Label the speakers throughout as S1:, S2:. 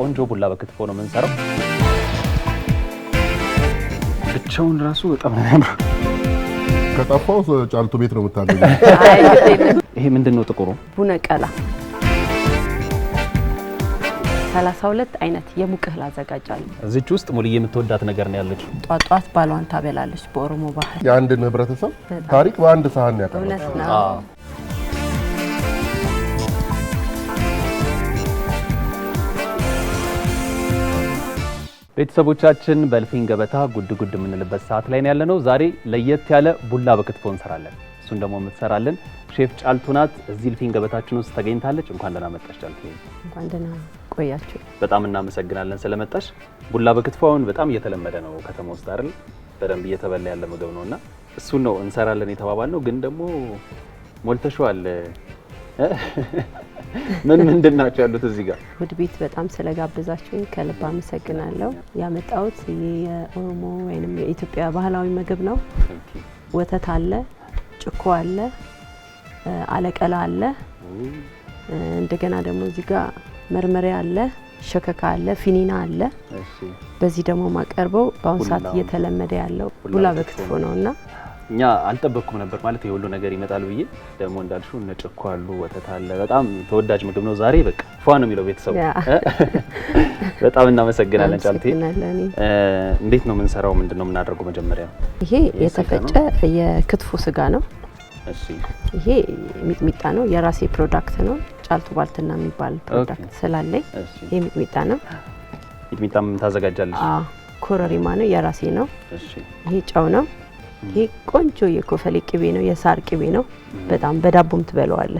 S1: ቆንጆ ቡላ በክትፎ ነው የምንሰራው። ብቻውን ራሱ በጣም ነው የሚያምረው።
S2: ከጠፋው ጫልቱ ቤት ነው የምታገኘው።
S1: ይሄ ምንድን ነው ጥቁሩ?
S3: ቡነቀላ 32 አይነት የሙቅ እህል አዘጋጃለሁ።
S1: እዚች ውስጥ ሙልዬ የምትወዳት ነገር ነው ያለች።
S3: ጧጧት ባሏን ታበላለች። በኦሮሞ ባህል
S2: የአንድን ህብረተሰብ ታሪክ በአንድ ሳህን
S3: ያቀርባል።
S1: ቤተሰቦቻችን በእልፍኝ ገበታ ጉድ ጉድ የምንልበት ሰዓት ላይ ነው ዛሬ ለየት ያለ ቡላ በክትፎ እንሰራለን። እሱን ደግሞ የምትሰራለን ሼፍ ጫልቱ ናት። እዚህ እልፍኝ ገበታችን ውስጥ ተገኝታለች። እንኳን ደህና መጣሽ ጫልቱ።
S3: እንኳን ደህና ቆያችሁ።
S1: በጣም እናመሰግናለን ስለመጣሽ። ቡላ በክትፎ አሁን በጣም እየተለመደ ነው ከተማ ውስጥ አይደል? በደንብ እየተበላ ያለ ምግብ ነው እና እሱን ነው እንሰራለን የተባባል ነው ግን ደግሞ ሞልተሸዋል ምን ምንድን ናቸው ያሉት እዚህ ጋር?
S3: ውድ ቤት በጣም ስለጋበዛችሁኝ ከልብ አመሰግናለሁ። ያመጣሁት የኦሮሞ ወይም የኢትዮጵያ ባህላዊ ምግብ ነው። ወተት አለ፣ ጭኮ አለ፣ አለቀላ አለ። እንደገና ደግሞ እዚህ ጋር መርመሪያ አለ፣ ሸከካ አለ፣ ፊኒና አለ። በዚህ ደግሞ ማቀርበው በአሁኑ ሰዓት እየተለመደ ያለው ቡላ በክትፎ ነውና
S1: እኛ አልጠበቅኩም ነበር ማለት የሁሉ ነገር ይመጣል ብዬ ደግሞ እንዳልሹ እነ አሉ፣ ወተት አለ። በጣም ተወዳጅ ምግብ ነው። ዛሬ በቃ ፏ ነው የሚለው ቤተሰቡ። በጣም እናመሰግናለን ጫልቴ። እንዴት ነው የምንሰራው? ምንድን ነው የምናደርገው? መጀመሪያ
S3: ይሄ የተፈጨ የክትፎ ስጋ ነው። ይሄ ሚጥሚጣ ነው። የራሴ ፕሮዳክት ነው። ጫልቱ ባልትና የሚባል ፕሮዳክት ስላለኝ ይሄ ሚጥሚጣ ነው።
S1: ሚጥሚጣም ታዘጋጃለች።
S3: ኮረሪማ ነው፣ የራሴ ነው። ይሄ ጨው ነው። ይሄ ቆንጆ የኮፈሌ ቅቤ ነው፣ የሳር ቅቤ ነው። በጣም በዳቦም ትበለዋለ።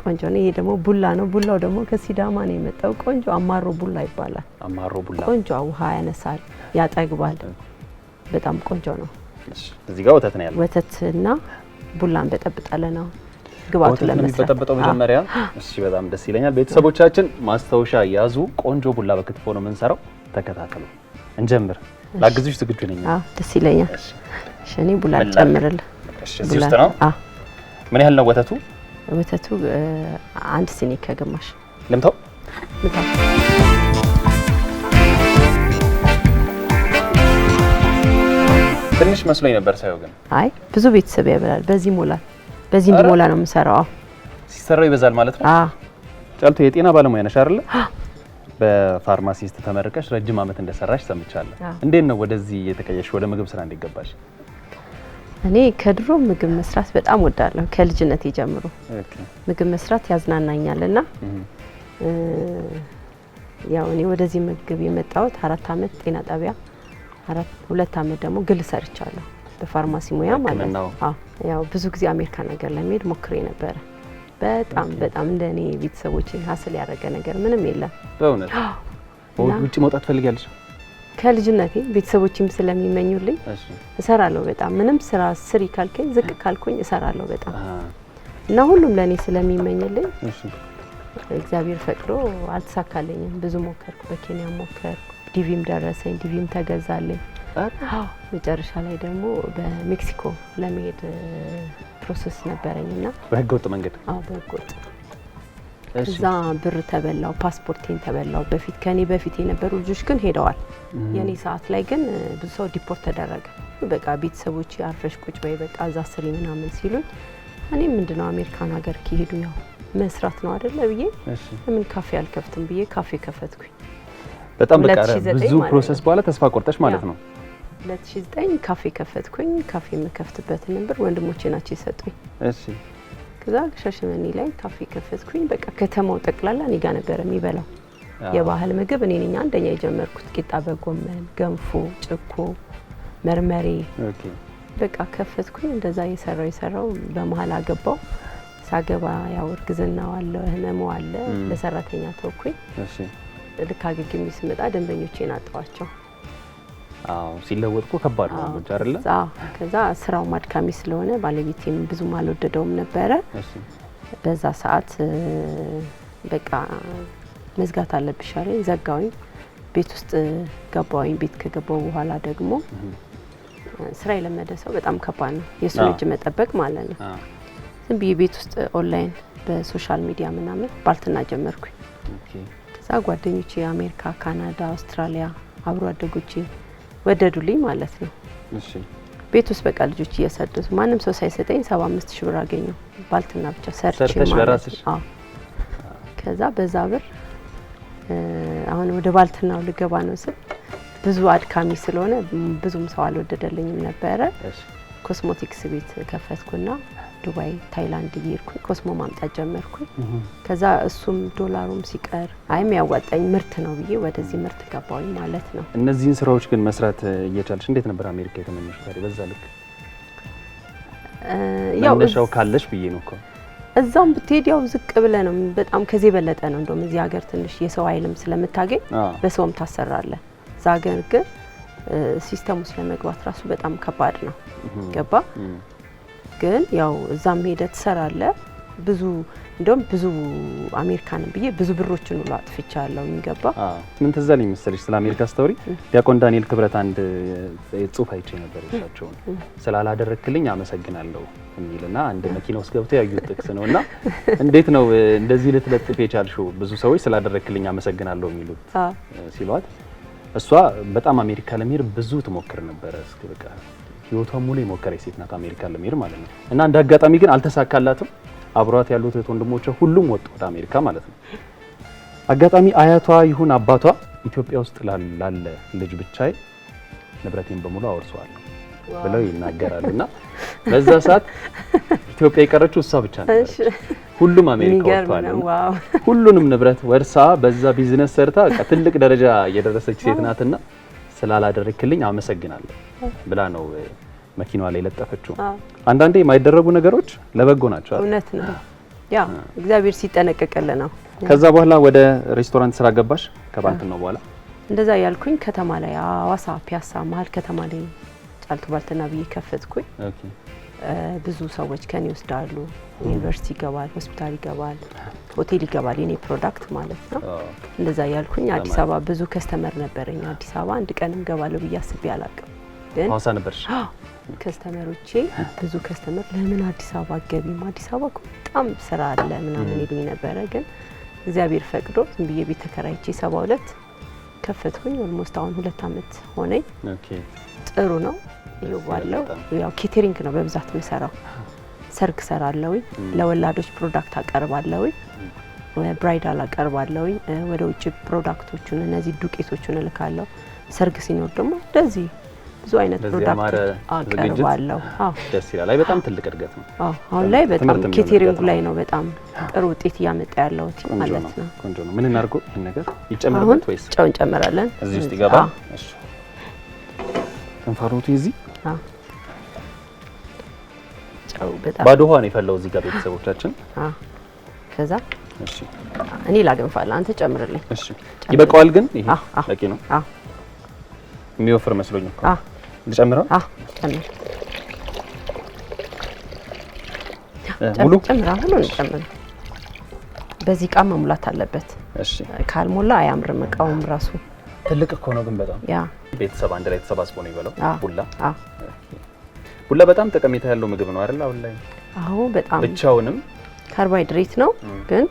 S3: ቆንጆ ነው። ይሄ ደግሞ ቡላ ነው። ቡላው ደግሞ ከሲዳማ ነው የመጣው። ቆንጆ አማሮ ቡላ ይባላል። አማሮ ቡላ ቆንጆ ውሃ ያነሳል፣ ያጠግባል። በጣም ቆንጆ ነው። እዚህ ጋር ወተት ነው ያለው። ወተትና ቡላ እንበጠብጣለን ነው
S1: ግባቱ ለመስራት በጠበጠው መጀመሪያ። እሺ በጣም ደስ ይለኛል። ቤተሰቦቻችን ማስታወሻ ያዙ። ቆንጆ ቡላ በክትፎ ነው የምንሰራው። ተከታተሉ። እንጀምር። ላግዝሽ ዝግጁ ነኝ።
S3: ደስ ይለኛል። እኔ ቡላል ጨምርልህ። ምን ያህል ነው ወተቱ? ወተቱ አንድ ሲኒ ከግማሽ።
S1: ልምታው ትንሽ መስሎኝ ነበር ሳይሆን ግን፣
S3: አይ ብዙ ቤተሰብ ያበላል። በዚህ ሞላ በዚህ እንዲሞላ ነው የምሰራው።
S1: ሲሰራው ይበዛል ማለት ነው። ጫልቱ የጤና ባለሙያ ነሽ አይደለ? በፋርማሲስት ተመርቀሽ ረጅም ዓመት እንደሰራሽ ሰምቻለሁ። እንዴት ነው ወደዚህ የተቀየሽ ወደ ምግብ ስራ እንዲገባሽ?
S3: እኔ ከድሮ ምግብ መስራት በጣም ወዳለሁ። ከልጅነት ጀምሮ ምግብ መስራት ያዝናናኛልና ያው እኔ ወደዚህ ምግብ የመጣሁት አራት ዓመት ጤና ጣቢያ ሁለት ዓመት ደግሞ ግል ሰርቻለሁ በፋርማሲ ሙያ ማለት ነው። ያው ብዙ ጊዜ አሜሪካን ነገር ለመሄድ ሞክሬ ነበረ በጣም በጣም ለእኔ ቤተሰቦች ሀስል ያደረገ ነገር ምንም የለም።
S1: በእውነት ውጭ መውጣት ፈልጋለች
S3: ከልጅነቴ ቤተሰቦችም ስለሚመኙልኝ እሰራለሁ። በጣም ምንም ስራ ስሪ ካልከኝ ዝቅ ካልኩኝ እሰራለሁ በጣም እና ሁሉም ለእኔ ስለሚመኝልኝ እግዚአብሔር ፈቅዶ አልተሳካልኝም። ብዙ ሞከርኩ፣ በኬንያ ሞከርኩ። ዲቪም ደረሰኝ፣ ዲቪም ተገዛለኝ። ነበር። መጨረሻ ላይ ደግሞ በሜክሲኮ ለመሄድ ፕሮሰስ ነበረኝ እና
S1: በህገወጥ መንገድ
S3: በህገወጥ እዛ ብር ተበላው፣ ፓስፖርቴን ተበላው። በፊት ከኔ በፊት የነበሩ ልጆች ግን ሄደዋል። የኔ ሰዓት ላይ ግን ብዙ ሰው ዲፖርት ተደረገ። በቃ ቤተሰቦች አርፈሽ ቁጭ በይ በቃ እዛ ስሪ ምናምን ሲሉኝ እኔ ምንድነው አሜሪካን ሀገር ከሄዱ ያው መስራት ነው አደለ ብዬ ምን ካፌ አልከፍትም ብዬ ካፌ ከፈትኩኝ።
S1: በጣም በቃ ብዙ ፕሮሰስ በኋላ ተስፋ ቆርጠሽ ማለት ነው
S3: 2009 ካፌ ከፈትኩኝ። ካፌ የምከፍትበትን ብር ወንድሞቼ ናቸው የሰጡኝ። እሺ ከዛ ሻሸመኔ ላይ ካፌ ከፈትኩኝ። በቃ ከተማው ጠቅላላ እኔ ጋ ነበር የሚበላው የባህል ምግብ እኔ ነኝ አንደኛ የጀመርኩት። ቂጣ በጎመን፣ ገንፎ፣ ጭኮ፣ መርመሬ በቃ ከፈትኩኝ። እንደዛ የሰራው የሰራው በመሀል አገባው። ሳገባ ያው እርግዝና አለ ህመሙ አለ፣ ለሰራተኛ ተወኩኝ። ልካ አገግሜ ስመጣ ደንበኞቼን አጣኋቸው።
S1: ሲለወጥኩ ከባድ ነው ልጅ አይደለ?
S3: ከዛ ስራው ማድካሚ ስለሆነ ባለቤቴም ብዙም አልወደደውም ነበረ። በዛ ሰዓት በቃ መዝጋት አለብሽ አለኝ። ዘጋውኝ። ቤት ውስጥ ገባውኝ። ቤት ከገባው በኋላ ደግሞ ስራ የለመደ ሰው በጣም ከባድ ነው፣ የሱ እጅ መጠበቅ ማለት ነው። ዝም ብዬ ቤት ውስጥ ኦንላይን በሶሻል ሚዲያ ምናምን ባልትና ጀመርኩኝ። ከዛ ጓደኞቼ አሜሪካ፣ ካናዳ፣ አውስትራሊያ አብሮ አደጎቼ ወደዱልኝ ማለት ነው። ቤት ውስጥ በቃ ልጆች እያሳደሱ ማንም ሰው ሳይሰጠኝ ሰባ አምስት ሺ ብር አገኘው ባልትና ብቻ ሰርቼ ከዛ በዛ ብር አሁን ወደ ባልትናው ልገባ ነው ስል ብዙ አድካሚ ስለሆነ ብዙም ሰው አልወደደልኝም ነበረ። ኮስሞቲክስ ቤት ከፈትኩና ዱባይ፣ ታይላንድ እየሄድኩኝ ኮስሞ ማምጣት ጀመርኩኝ። ከዛ እሱም ዶላሩም ሲቀር አይም ያዋጣኝ ምርት ነው ብዬ ወደዚህ ምርት ገባሁኝ ማለት ነው።
S1: እነዚህን ስራዎች ግን መስራት እየቻለሽ እንዴት ነበር አሜሪካ የተመኘሽ ዛሬ በዛ ልክ መነሻው ካለሽ ብዬ ነው እኮ
S3: እዛም ብትሄድ ያው ዝቅ ብለ ነው። በጣም ከዚህ የበለጠ ነው። እንደውም እዚህ ሀገር ትንሽ የሰው ኃይልም ስለምታገኝ በሰውም ታሰራለ እዛ ሀገር ግን ሲስተሙ ስለመግባት ራሱ በጣም ከባድ ነው። ገባ ግን ያው እዛም ሄደ ትሰራለ ብዙ እንደውም ብዙ አሜሪካንም ብዬ ብዙ ብሮችን ሁሉ አጥፍቻለሁ። የሚገባ
S1: ምን ትዝ አለኝ መሰለሽ ስለ አሜሪካ ስቶሪ ዲያቆን ዳንኤል ክብረት አንድ ጽሁፍ አይቼ ነበር። እሳቸውን ስላላደረክልኝ አመሰግናለሁ የሚልና አንድ መኪና ውስጥ ገብቶ ያዩት ጥቅስ ነው እና እንዴት ነው እንደዚህ ልትለጥፍ የቻልሽው? ብዙ ሰዎች ስላደረክልኝ አመሰግናለሁ የሚሉት ሲሏት እሷ በጣም አሜሪካ ለመሄድ ብዙ ትሞክር ነበረ እስክ በቃ ህይወቷ ሙሉ የሞከረች ሴት ናት አሜሪካ ለመሄድ ማለት ነው። እና እንደ አጋጣሚ ግን አልተሳካላትም። አብሯት ያሉት እህት ወንድሞቿ ሁሉም ወጡ ወደ አሜሪካ ማለት ነው። አጋጣሚ አያቷ ይሁን አባቷ ኢትዮጵያ ውስጥ ላለ ልጅ ብቻ ንብረቴን በሙሉ አወርሰዋለሁ ብለው ይናገራሉ። እና በዛ ሰዓት ኢትዮጵያ የቀረችው እሷ ብቻ ነበረች። ሁሉም አሜሪካ ወጥቷል። ሁሉንም ንብረት ወርሳ በዛ ቢዝነስ ሰርታ ትልቅ ደረጃ የደረሰች ሴት ናትና ስላላደረክልኝ አመሰግናለሁ ብላ ነው መኪናዋ ላይ ለጠፈችው። አንዳንዴ የማይደረጉ ነገሮች ለበጎ ናቸው።
S3: እውነት ነው። ያ እግዚአብሔር ሲጠነቀቀልን ነው።
S1: ከዛ በኋላ ወደ ሬስቶራንት ስራ ገባሽ ነው በኋላ
S3: እንደዛ ያልኩኝ ከተማ ላይ ሀዋሳ ፒያሳ መሀል ከተማ ላይ ጫልቱ ባልትና ብዬ ከፈትኩኝ። ብዙ ሰዎች ከኔ ይወስዳሉ። ዩኒቨርሲቲ ይገባል፣ ሆስፒታል ይገባል፣ ሆቴል ይገባል፣ የኔ ፕሮዳክት ማለት ነው። እንደዛ ያልኩኝ አዲስ አበባ ብዙ ከስተመር ነበረኝ። አዲስ አበባ አንድ ቀንም ገባለሁ ብዬ አስቤ አላቅም፣ ግን ከስተመሮቼ ብዙ ከስተመር ለምን አዲስ አበባ ገቢም አዲስ አበባ በጣም ስራ አለ ምናምን ይሉኝ ነበረ። ግን እግዚአብሔር ፈቅዶ ዝም ብዬ ቤት ተከራይቼ ሰባ ሁለት ከፈትኩኝ። ኦልሞስት አሁን ሁለት አመት ሆነኝ። ጥሩ ነው እየዋለው ያው ኬቴሪንግ ነው በብዛት የምሰራው። ሰርግ ሰራለው፣ ለወላዶች ፕሮዳክት አቀርባለው፣ ብራይዳል አቀርባለው። ወደ ውጭ ፕሮዳክቶቹን እነዚህ ዱቄቶቹን እልካለሁ። ሰርግ ሲኖር ደግሞ እንደዚህ ብዙ አይነት
S1: ፕሮዳክት አቀርባለሁ። ደስ ይላል። አይ በጣም ትልቅ እድገት ነው።
S3: አሁን ላይ በጣም ኬቴሪንጉ ላይ ነው በጣም ጥሩ ውጤት እያመጣ ያለው ማለት ነው።
S1: ቆንጆ ነው። ምን እናድርገው? ነገር ይጨምርበት ወይስ
S3: ጨው እንጨምራለን?
S1: እዚህ ውስጥ እሺ እንፋሎቴ እዚህ ባዶ ውሃ ነው የፈላው እዚህ ጋር ቤተሰቦቻችን።
S3: ከዛ እሺ፣ እኔ ላገንፋል፣ አንተ ጨምርልኝ። እሺ፣
S1: ይበቃዋል ግን ይሄ በቂ ነው። የሚወፍር መስሎኝ እኮ አህ ልጨምረው። አህ ጨምር፣ ሙሉ
S3: ጨምራ፣ ሁሉ ጨምር። በዚህ እቃ መሙላት አለበት። እሺ፣ ካልሞላ አያምርም እቃውም ራሱ
S1: ትልቅ እኮ ነው ግን በጣም ያ ቤተሰብ አንድ ላይ ተሰባስቦ ነው የሚበላው። ቡላ ቡላ በጣም ጠቀሜታ ያለው ምግብ ነው አይደል? አሁን ላይ አዎ፣ በጣም ብቻውንም
S3: ካርቦሃይድሬት ነው ግን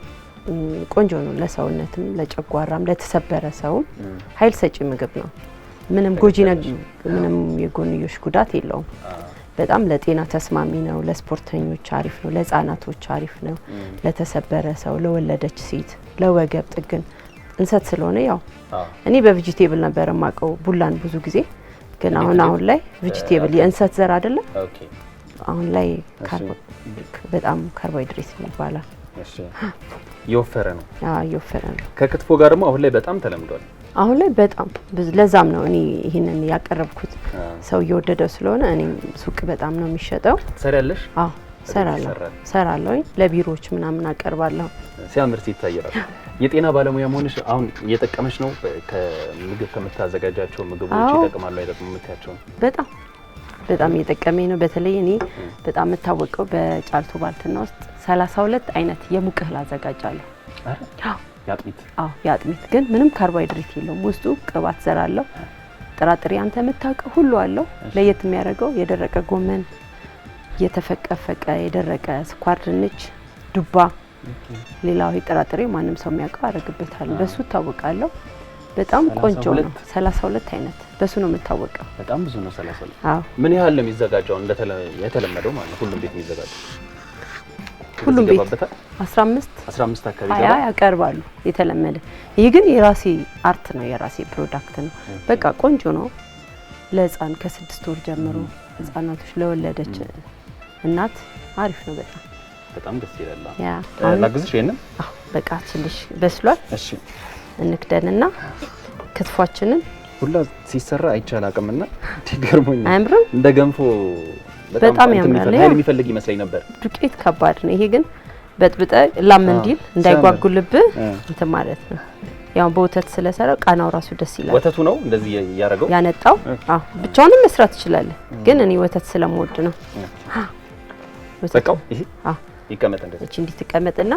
S3: ቆንጆ ነው ለሰውነትም፣ ለጨጓራም፣ ለተሰበረ ሰውም ኃይል ሰጪ ምግብ ነው። ምንም ጎጂ ምንም የጎንዮሽ ጉዳት የለውም። በጣም ለጤና ተስማሚ ነው። ለስፖርተኞች አሪፍ ነው። ለህፃናቶች አሪፍ ነው። ለተሰበረ ሰው፣ ለወለደች ሴት፣ ለወገብ ጥግን እንሰት ስለሆነ ያው እኔ በቬጂቴብል ነበር የማውቀው ቡላን ብዙ ጊዜ ግን አሁን አሁን ላይ ቬጂቴብል የእንሰት ዘር አይደለም። አሁን ላይ በጣም ካርቦሃይድሬት ይባላል። እየወፈረ ነው። አዎ እየወፈረ ነው።
S1: ከክትፎ ጋር ደግሞ አሁን ላይ በጣም ተለምዷል።
S3: አሁን ላይ በጣም ለዛም ነው እኔ ይህንን ያቀረብኩት። ሰው እየወደደው ስለሆነ እኔም ሱቅ በጣም ነው የሚሸጠው።
S1: ትሰሪያለሽ? አዎ
S3: ሰራለሁ ሰራለሁ ለቢሮዎች ምናምን አቀርባለሁ።
S1: ሲያምር ይታያል። የጤና ባለሙያ መሆንሽ አሁን እየጠቀመች ነው። ከምግብ ከምታዘጋጃቸው ምግቦች ይጠቅማሉ አይጠቅሙ የምታያቸው?
S3: በጣም በጣም እየጠቀመኝ ነው። በተለይ እኔ በጣም የምታወቀው በጫልቱ ባልትና ውስጥ ሰላሳ ሁለት አይነት የሙቅ እህል አዘጋጃለሁ። የአጥሚት አዎ፣ የአጥሚት ግን ምንም ካርቦሃይድሬት የለውም ውስጡ ቅባት ዘራለሁ። ጥራጥሬ አንተ የምታውቀው ሁሉ አለው። ለየት የሚያደርገው የደረቀ ጎመን የተፈቀፈቀ የደረቀ ስኳር ድንች፣ ዱባ፣ ሌላው ጥራጥሬ ማንም ሰው የሚያውቀው አደርግበታል። በሱ እታወቃለሁ። በጣም ቆንጆ ነው። 32 አይነት በሱ ነው የምታወቀው።
S1: በጣም ብዙ ነው 32። አዎ። ምን ያህል ነው የሚዘጋጀው? የተለመደው ማለት ነው ሁሉም ቤት የሚዘጋጀው
S3: ሁሉም ቤት 15
S1: 15 አካባቢ
S3: ያ ያቀርባሉ። የተለመደ ይህ ግን የራሴ አርት ነው፣ የራሴ ፕሮዳክት ነው። በቃ ቆንጆ ነው። ለህፃን ከስድስት ወር ጀምሮ ህፃናቶች ለወለደች እናት አሪፍ ነው በጣም
S1: በጣም ደስ ይላል። ያ ላግዝሽ ይሄንን
S3: በቃ ትንሽ በስሏል። እሺ እንክደንና ክትፏችንን
S1: ሁላ ሲሰራ አይቻል አቅምና ገርሞኝ አያምርም? እንደ ገንፎ
S3: በጣም ያምራል።
S1: ኃይል የሚፈልግ ይመስለኝ ነበር።
S3: ዱቄት ከባድ ነው። ይሄ ግን በጥብጠ ላም እንዲል እንዳይጓጉልብህ እንትን ማለት ነው። ያው በወተት ስለሰራው ቃናው ራሱ ደስ ይላል።
S1: ወተቱ ነው እንደዚህ ያረገው
S3: ያነጣው። አዎ ብቻውንም መስራት ትችላለህ፣ ግን እኔ ወተት ስለምወድ ነው።
S1: በቃው ይሄ አዎ ይቀመጥ እንደዚህ።
S3: እቺ እንድትቀመጥና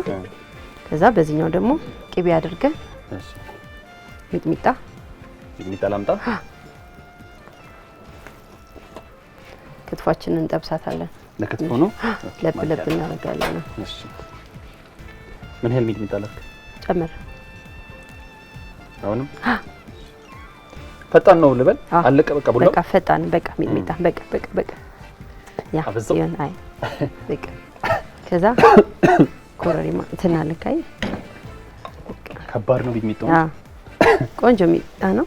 S3: ከዛ በዚህኛው ደግሞ ቅቤ አድርገን እሺ፣ ሚጥሚጣ ሚጥሚጣ ላምጣ። ክትፏችንን እንጠብሳታለን። ለክትፎ ነው ለብ ለብ እናደርጋለን። እሺ፣
S1: ምን ያህል ሚጥሚጣ ላክ ጨምር። አሁንም ፈጣን ነው ልበል። አለቀ። በቃ ቡላ
S3: በቃ ፈጣን በቃ ሚጥሚጣ በቃ በቃ በቃ ያ አይ በቃ ከዛ ኮረሪማ ትናልካይ
S1: ከባድ ነው ቢሚጣው።
S3: ቆንጆ ሚጣ ነው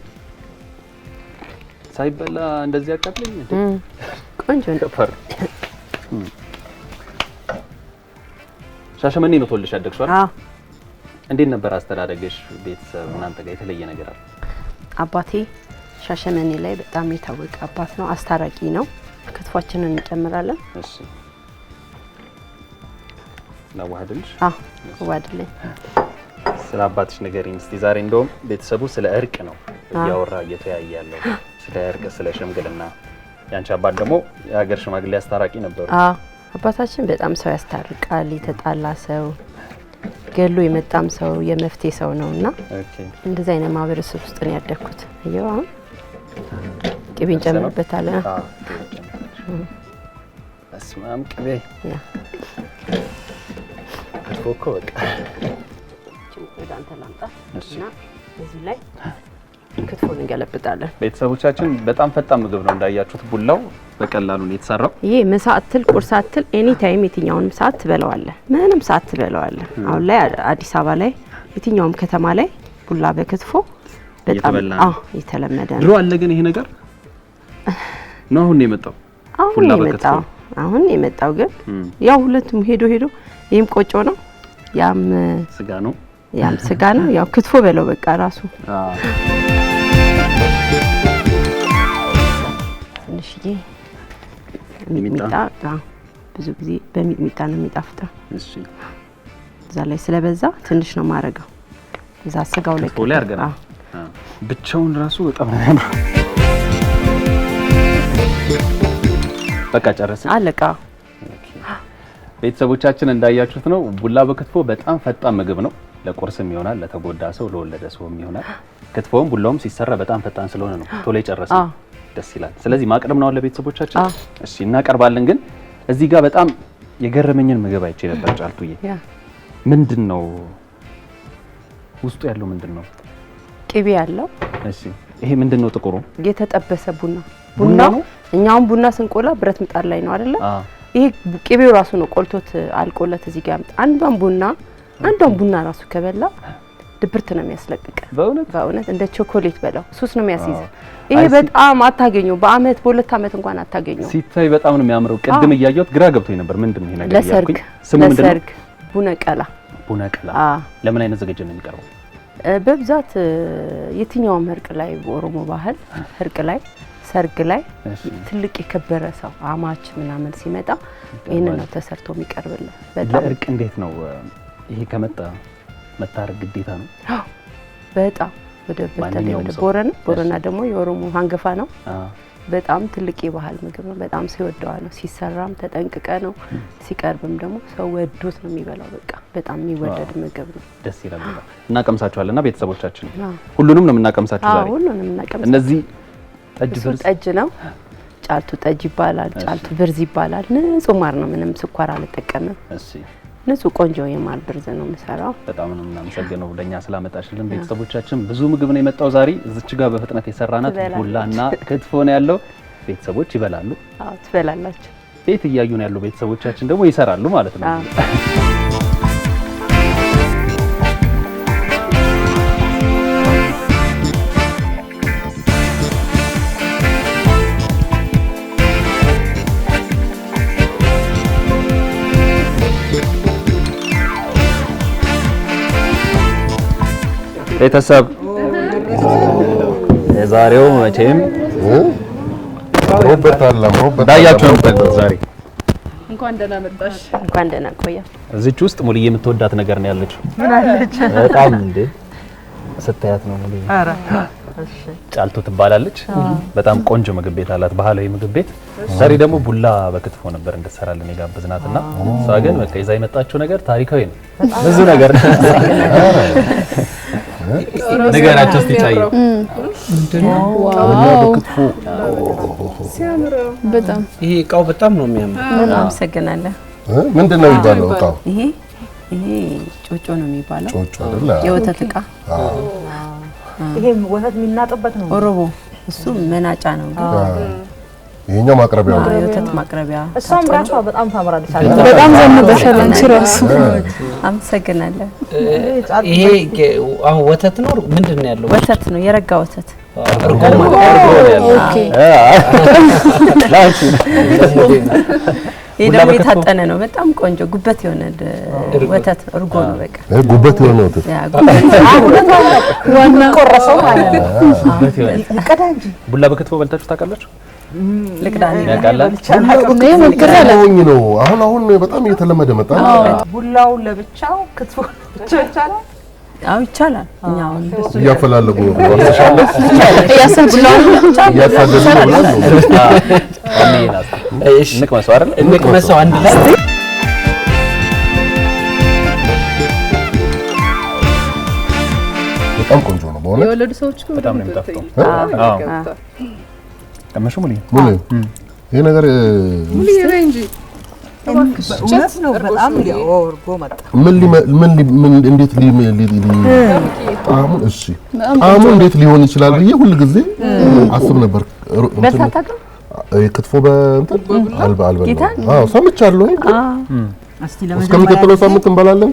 S1: ሳይበላ እንደዚህ አቃጥለኝ።
S3: ቆንጆ ነው ከባድ
S1: ሻሸመኔ ነው ተወልደሽ ያደግሽው አይደል? እንዴት ነበር አስተዳደግሽ? ቤተሰብ እናንተ ጋር የተለየ ነገር አለ?
S3: አባቴ ሻሸመኔ ላይ በጣም የታወቀ አባት ነው። አስታራቂ ነው። ክትፏችንን እንጨምራለን። እሺ ናዋህድልሽ ዋድልኝ
S1: ስለ አባትሽ ንገሪኝ እስኪ። ዛሬ እንደውም ቤተሰቡ ስለ እርቅ ነው እያወራ እየተያየ ያለው ስለ እርቅ፣ ስለ ሽምግልና። ያንቺ አባት ደግሞ የሀገር ሽማግሌ አስታራቂ ነበሩ።
S3: አባታችን በጣም ሰው ያስታርቃል። የተጣላ ሰው ገሎ የመጣም ሰው የመፍትሄ ሰው ነው እና እንደዚህ አይነት ማህበረሰብ ውስጥ ነው ያደግኩት። እየው አሁን ቅቤ እንጨምርበታለን።
S1: በስመ አብ ቅቤ ክትፎ እኮ በቃ
S3: ወደ አንተ ላምጣ እና እዚህ ላይ ክትፎን እንገለብጣለን።
S1: ቤተሰቦቻችን በጣም ፈጣን ምግብ ነው እንዳያችሁት፣ ቡላው በቀላሉ ነው የተሰራው።
S3: ይሄ ምሳ አትል ቁርስ አትል ኤኒ ታይም የትኛውን ሰዓት ትበለዋለህ፣ ምንም ሰዓት ትበለዋለህ። አሁን ላይ አዲስ አበባ ላይ የትኛውም ከተማ ላይ ቡላ በክትፎ በጣም
S1: የተለመደ ነው። ድሮ አለ ግን ይሄ ነገር ነው አሁን የመጣው
S3: ቡላ በክትፎ አሁን የመጣው ግን ያው ሁለቱም ሄዶ ሄዶ ይህም ቆጮ ነው፣ ያም ስጋ ነው፣ ያም ስጋ ነው። ያው ክትፎ በለው በቃ ራሱ ትንሽዬ ሚጥሚጣ ብዙ ጊዜ በሚጥሚጣ ነው የሚጣፍጠው። እዛ ላይ ስለበዛ ትንሽ ነው ማድረገው። እዛ ስጋው
S1: ላይ ብቻውን ራሱ በጣም ነው በቃ ጨረስን አለቃ ቤተሰቦቻችን እንዳያችሁት ነው። ቡላ በክትፎ በጣም ፈጣን ምግብ ነው። ለቁርስም ይሆናል፣ ለተጎዳ ሰው ለወለደ ሰውም ይሆናል። ክትፎውም ቡላውም ሲሰራ በጣም ፈጣን ስለሆነ ነው ቶሎ የጨረሰ ደስ ይላል። ስለዚህ ማቅረብ ነው ለቤተሰቦቻችን። እሺ እናቀርባለን። ግን እዚህ ጋር በጣም የገረመኝን ምግብ አይቼ ነበር። ጫልቱዬ ምንድን ነው ውስጡ ያለው ምንድን ነው? ቅቤ ያለው። እሺ ይሄ ምንድን ነው? ጥቁሩ
S3: የተጠበሰ ቡና ቡና ነው። እኛውም ቡና ስንቆላ ብረት ምጣድ ላይ ነው አይደለ? ይህ ቅቤው ራሱ ነው ቆልቶት አልቆለት እዚህ ጋር አንዷን ቡና አንዷን ቡና ራሱ ከበላ ድብርት ነው የሚያስለቅቀ። በእውነት በእውነት እንደ ቾኮሌት በላው ሱስ ነው የሚያስይዘ። ይሄ በጣም አታገኘው፣ በአመት በሁለት አመት እንኳን አታገኘው።
S1: ሲታይ በጣም ነው የሚያምረው። ቅድም እያየሁት ግራ ገብቶኝ ነበር። ምንድን ነው ይሄ ነገር?
S3: ለሰርግ ለሰርግ ቡነቀላ
S1: ቡነቀላ። ለምን አይነት ዝግጅት ነው የሚቀርበው?
S3: በብዛት የትኛውም እርቅ ላይ በኦሮሞ ባህል እርቅ ላይ ሰርግ ላይ ትልቅ የከበረ ሰው አማች ምናምን ሲመጣ ይህን ነው ተሰርቶ የሚቀርብልን።
S1: ለእርቅ እንዴት ነው ይሄ ከመጣ መታረቅ ግዴታ ነው።
S3: በጣም ወደ በተለይ ወደ ቦረና ቦረና ደግሞ የኦሮሞ ሀንገፋ ነው። በጣም ትልቅ የባህል ምግብ ነው። በጣም ነው ሲሰራም ተጠንቅቀ ነው፣ ሲቀርብም ደግሞ ሰው ወዶት ነው የሚበላው። በቃ በጣም የሚወደድ ምግብ ነው።
S1: ደስ ይላል። እና ቤተሰቦቻችን ሁሉንም ነው የምናቀምሳቸው ዛሬ ሁሉንም እናቀምሳችሁ እነዚህ
S3: ጠጅ ነው። ጫልቱ ጠጅ ይባላል። ጫልቱ ብርዝ ይባላል። ንጹህ ማር ነው። ምንም ስኳር አልጠቀምም። ንጹህ ቆንጆ የማር ብርዝ ነው የምሰራው።
S1: በጣም ነው የምናመሰግነው ለእኛ ስላመጣሽልን። ቤተሰቦቻችን ብዙ ምግብ ነው የመጣው ዛሬ። እዚች ጋር በፍጥነት የሰራናት ቡላና ክትፎ ነው ያለው። ቤተሰቦች ይበላሉ፣
S3: ትበላላችሁ።
S1: ቤት እያዩ ነው ያሉ ቤተሰቦቻችን ደግሞ ይሰራሉ ማለት ነው። ቤተሰብ የዛሬው መቼም
S2: ሮበርት ነበር
S1: ዛሬ።
S3: እንኳን ደህና መጣሽ። እንኳን ደህና ቆያችሁ።
S1: እዚች ውስጥ ሙልዬ የምትወዳት ነገር ነው ያለችው። ምን አለች? በጣም እንዴ ስታያት ነው ሙልዬ። ኧረ እሺ፣ ጫልቱ ትባላለች። በጣም ቆንጆ ምግብ ቤት አላት፣ ባህላዊ ምግብ ቤት። ደግሞ ቡላ በክትፎ ነበር እንድትሰራልን እሷ ግን በቃ ይዛ የመጣችው ነገር ታሪካዊ ነው። ብዙ ነገር ነገራቸው እስቲ ታይ ይሄ እቃው በጣም ነው
S3: የሚያምር። አመሰግናለሁ።
S2: ምንድን ነው የሚባለው እቃው?
S3: ይሄ ጮጮ ነው የሚባለው። የወተት እቃ። ይሄ ወተት የሚናጥበት ነው። ኦሮቦ እሱ መናጫ ነው ግን
S2: ይሄኛው ማቅረቢያ ነው።
S3: የወተት ማቅረቢያ እሷም ራሷ በጣም ታምራለች። በጣም ዘንበሻል። አንቺ ራሱ አመሰግናለሁ።
S1: ይሄ አሁን ወተት ነው ምንድን ነው ያለው?
S3: ወተት ነው የረጋ ወተት እርጎ ደግሞ የታጠነ ነው። በጣም ቆንጆ ጉበት የሆነ ወተት እርጎ ነው በቃ
S2: ጉበት የሆነ ወተት
S3: ዋና ቆረሰው ማለት ነው።
S1: ቡላ በክትፎ በልታችሁ ታውቃላችሁ?
S2: ልቅዳኔሞክራለኝ ነው። አሁን አሁን በጣም እየተለመደ መጣ።
S3: ቡላውን ለብቻው ክትፎ ብቻ ይቻላል። አዎ ይቻላል።
S2: እያፈላለጉ በጣም ቆንጆ ነው።
S3: የወለዱ ሰዎች
S1: በጣም ነው የሚጣፍጠው። ቀመሹ ሙሉ
S2: ሙሉ ይሄ ነገር ሙሉ ይሄ እንጂ እንዴት ጣዕሙን እሺ፣ ጣዕሙን እንዴት ሊሆን ይችላል ብዬ ሁል ጊዜ አስብ ነበር። ክትፎ በእንትን አልባ ሰምቻለሁ። እስከሚቀጥለው ሳምንት እንበላለን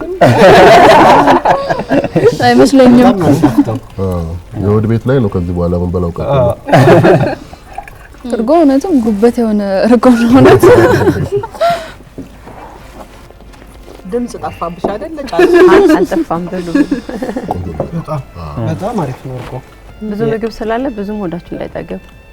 S3: አይመስለኝም።
S2: የእሑድ ቤት ላይ ነው ከዚህ በኋላ የምንበላው ቀጥታ
S3: እርጎ እውነትም ጉበት የሆነ እርጎ ነው። እውነት ድምጽ ጠፋብሽ አይደል? አልጠፋም።
S1: በጣም አሪፍ ነው እርጎ።
S3: ብዙ ምግብ ስላለ ብዙም ሆዳችሁ እንዳይጠገብ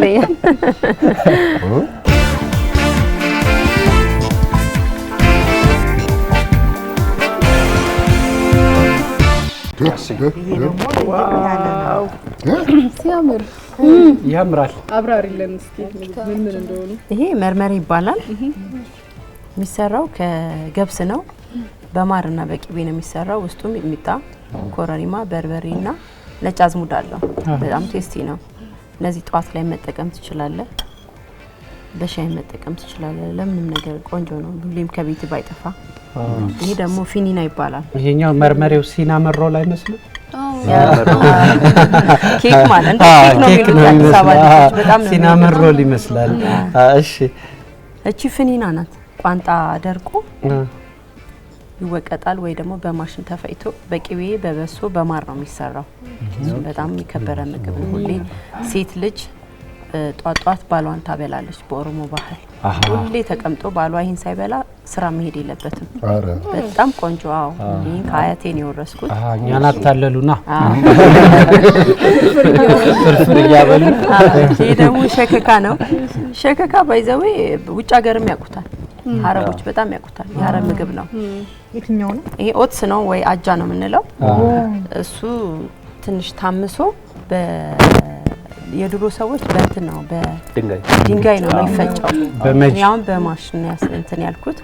S2: ፍቅርዬ
S3: ሲያምር ያምራል። አብራሪለን እስኪ ምን ምን እንደሆነ። ይሄ መርመሬ ይባላል። የሚሰራው ከገብስ ነው። በማርና በቂቤ ነው የሚሰራው። ውስጡም ሚጥሚጣ፣ ኮረሪማ፣ በርበሬና ነጭ አዝሙድ አለው። በጣም ቴስቲ ነው። ለዚህ ጠዋት ላይ መጠቀም ትችላለህ፣ በሻይ መጠቀም ትችላለህ። ለምንም ነገር ቆንጆ ነው፣ ሁሌም ከቤት ባይጠፋ። ይህ ደግሞ ፊኒና ይባላል።
S1: ይሄኛው መርመሬው ሲና መሮ ላይ መስሉ ኬክ ማለት ኬክ ነው ሲና መሮ ይመስላል። እሺ፣
S3: እቺ ፊኒና ናት። ቋንጣ ደርቆ ይወቀጣል ወይ ደግሞ በማሽን ተፈይቶ በቅቤ በበሶ በማር ነው የሚሰራው። እሱም በጣም የከበረ ምግብ ነው። ሁሌ ሴት ልጅ ጧጧት ባሏን ታበላለች። በኦሮሞ ባህል ሁሌ ተቀምጦ ባሏ ይህን ሳይበላ ስራ መሄድ የለበትም። በጣም ቆንጆ። አዎ ይህን የወረስኩት
S1: እኛን አታለሉና
S3: ፍርፍር እያበሉ። ይህ ደግሞ ሸከካ ነው። ሸከካ ባይዘዌ ውጭ ሀገርም ያውቁታል አረቦች በጣም ያውቁታል። የአረብ ምግብ ነው። የትኛው ነው ይሄ? ኦትስ ነው ወይ አጃ ነው የምንለው። እሱ ትንሽ ታምሶ የድሮ ሰዎች በእንትን ነው በድንጋይ ነው የሚፈጨው። ያሁን በማሽን እንትን ያልኩት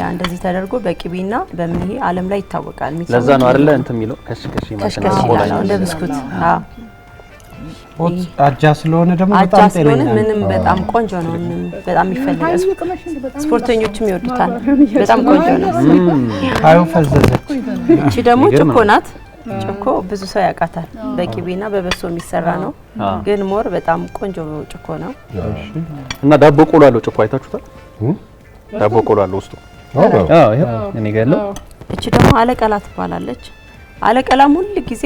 S3: ያ እንደዚህ ተደርጎ በቅቤና በምን አለም ላይ ይታወቃል።
S1: ለዛ ነው አይደለ እንትን የሚለው ከሽከሽ
S3: ይላል እንደ ብስኩት
S1: አጃ ስለሆነ ደግሞ
S3: አጃ ስለሆነ ምንም በጣም ቆንጆ ነው። በጣም ይፈልጋል። ስፖርተኞችም ይወዱታል። በጣም ቆንጆ ነው።
S1: አዩ ፈዘዘች።
S3: እቺ ደግሞ ጭኮ ናት። ጭኮ ብዙ ሰው ያውቃታል። በቂቤና በበሶ የሚሰራ ነው፣ ግን ሞር በጣም ቆንጆ ጭኮ ነው
S1: እና ዳቦ ቆሎ አለው። ጭኮ አይታችሁታል። ዳቦ ቆሎ አለው ውስጡ።
S3: እቺ ደግሞ አለቀላ ትባላለች። አለቀላም ሁል ጊዜ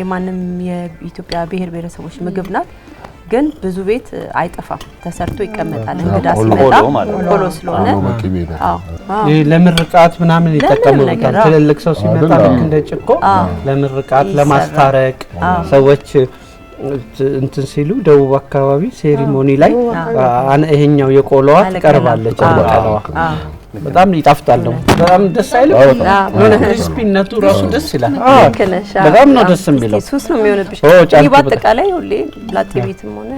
S3: የማንም የኢትዮጵያ ብሔር ብሔረሰቦች ምግብ ናት። ግን ብዙ ቤት አይጠፋም፣ ተሰርቶ ይቀመጣል። እንግዳ ሲመጣ
S1: ቆሎ ስለሆነ ለምርቃት ምናምን ይጠቀሙበታል። ትልልቅ ሰው ሲመጣ ልክ እንደ ጭኮ ለምርቃት፣ ለማስታረቅ ሰዎች እንትን ሲሉ ደቡብ አካባቢ ሴሪሞኒ ላይ ይሄኛው የቆሎዋ ትቀርባለች። አለቀላዋ በጣም ይጣፍጣል። ነው በጣም ደስ አይልም? ክሪስፒነቱ ራሱ ደስ ይላል። በጣም ነው ደስ የሚለው።
S3: ሱስ ነው የሚሆንብሽ። እኔ በአጠቃላይ ሁሌ ላጤ ቤትም ሆነ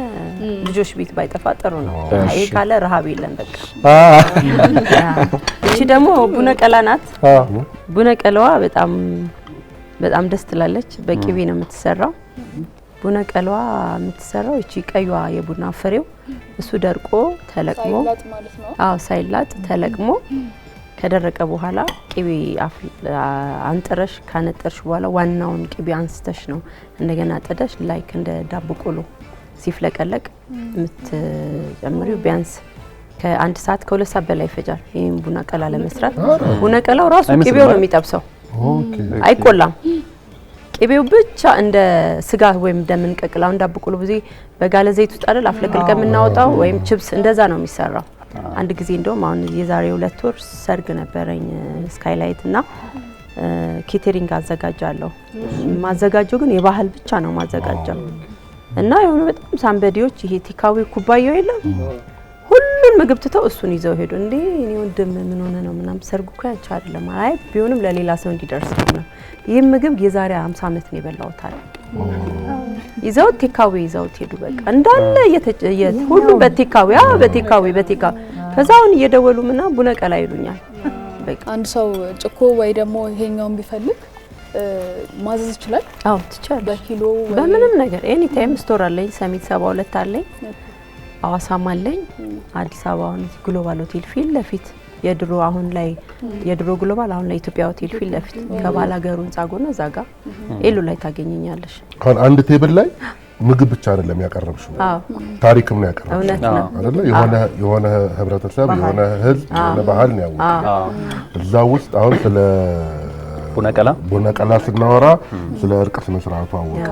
S3: ልጆች ቤት ባይጠፋ ጥሩ ነው። ይሄ ካለ ረሀብ የለም። በቃ እቺ ደግሞ ቡነቀላ ናት። ቡነቀላዋ በጣም በጣም ደስ ትላለች። በቅቤ ነው የምትሰራው ቡና ቀለዋ የምትሰራው እቺ ቀዩዋ የቡና ፍሬው እሱ ደርቆ ተለቅሞ አዎ ሳይላጥ ተለቅሞ ከደረቀ በኋላ ቅቤ አንጥረሽ ካነጠርሽ በኋላ ዋናውን ቅቤ አንስተሽ ነው እንደገና ጥደሽ ላይክ እንደ ዳቦ ቆሎ ሲፍለቀለቅ የምትጨምሪው ቢያንስ ከአንድ ሰዓት ከሁለት ሰዓት በላይ ይፈጃል። ይህም ቡና ቀላ ለመስራት ቡና ቀላው ራሱ ቅቤው ነው የሚጠብሰው፣ አይቆላም። ቅቤው ብቻ እንደ ስጋ ወይም እንደምንቀቅል አሁን እንዳብቁሉ ብዙ በጋለ ዘይት ውስጥ አይደል አፍለቅልቀ የምናወጣው ወይም ችብስ እንደዛ ነው የሚሰራው። አንድ ጊዜ እንደውም አሁን የዛሬ ሁለት ወር ሰርግ ነበረኝ ስካይላይት እና ኬቴሪንግ አዘጋጃለሁ። ማዘጋጀው ግን የባህል ብቻ ነው ማዘጋጀው እና የሆኑ በጣም ሳንበዴዎች ይሄ ቲካዊ ኩባያው የለም ሁሉን ምግብ ትተው እሱን ይዘው ሄዱ። እንዴ እኔ ወንድም ምን ሆነ ነው ምናም ሰርጉ እኮ አይደለም። አይ ቢሆንም ለሌላ ሰው እንዲደርስ ነው ይህም ምግብ የዛሬ 50 ዓመት ነው የበላሁት አለ። ይዘውት ቴካዌ ይዘው ሄዱ። በቃ እንዳለ የተጨየት ሁሉ በቴካዌ አ በቴካዌ በቴካዌ ከዛ እየደወሉ ምና ቡነ ቀላ በቃ አንድ ሰው ጭኮ ወይ ደግሞ ይሄኛውን ቢፈልግ ማዘዝ ይችላል። አዎ ትቻል በኪሎ በምንም ነገር ኤኒ ታይም ስቶር አለኝ። ሰሚት 72 አለኝ። አዋሳም አለኝ። አዲስ አበባውን ግሎባል ሆቴል ፊት ለፊት የድሮ አሁን ላይ የድሮ ግሎባል አሁን ላይ ኢትዮጵያ ሆቴል ፊት ለፊት ከባል ሀገሩ ህንጻ ጎን እዛ ኤሉ ላይ ታገኘኛለሽ።
S2: አሁን አንድ ቴብል ላይ ምግብ ብቻ አይደለም ያቀረብሽው፣ ታሪክም ነው
S3: ያቀረብሽው
S2: አይደለ? የሆነ የሆነ ህብረተሰብ የሆነ ህዝብ የሆነ ባህል ነው ያወቀው። እዛ ውስጥ አሁን ስለ ቡነቀላ ቡነቀላ ስናወራ ስለ እርቅ ስነ ስርዓቱ አወቀ።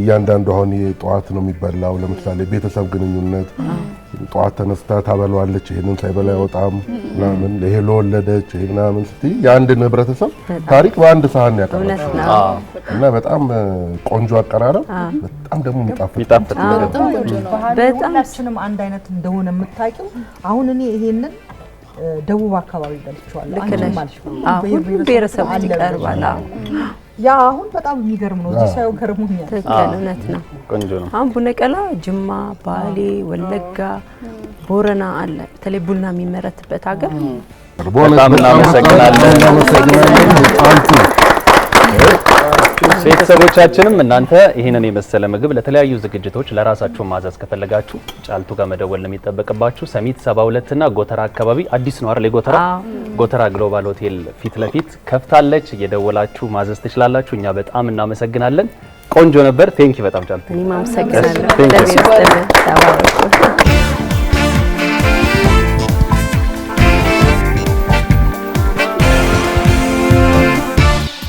S2: እያንዳንዱ አሁን ጠዋት ነው የሚበላው፣ ለምሳሌ ቤተሰብ ግንኙነት ጠዋት ተነስታ ታበለዋለች፣ ይሄንን ሳይበላ ያወጣም ምናምን፣ ይሄ ለወለደች ይሄ ምናምን ስትይ የአንድን ህብረተሰብ ታሪክ በአንድ ሳህን ያቀርባል እና በጣም ቆንጆ አቀራረብ፣ በጣም ደግሞ የሚጣፍጥ
S3: ባህላችንም አንድ አይነት እንደሆነ የምታውቂው። አሁን እኔ ይሄንን ደቡብ አካባቢ በልቼዋለሁ። ልክ ነሽ። ብሔረሰብ ይቀርባል ያ አሁን በጣም የሚገርም ነው። እዚህ ሳይሆን ገርሞኛል። እውነት ነው፣ ቆንጆ ነው። አሁን ቡነቀላ ጅማ፣ ባሌ፣ ወለጋ፣ ቦረና አለ። በተለይ ቡና የሚመረትበት ሀገር
S1: በጣም እናመሰግናለን። ቤተሰቦቻችንም እናንተ ይህንን የመሰለ ምግብ ለተለያዩ ዝግጅቶች ለራሳችሁ ማዘዝ ከፈለጋችሁ ጫልቱ ጋር መደወል ነው የሚጠበቅባችሁ። ሰሚት 72 እና ጎተራ አካባቢ አዲስ ነው አይደል? ጎተራ ጎተራ ግሎባል ሆቴል ፊት ለፊት ከፍታለች። እየደወላችሁ ማዘዝ ትችላላችሁ። እኛ በጣም እናመሰግናለን። ቆንጆ ነበር። ቴንኪ በጣም ጫልቱ። እኔም አመሰግናለሁ።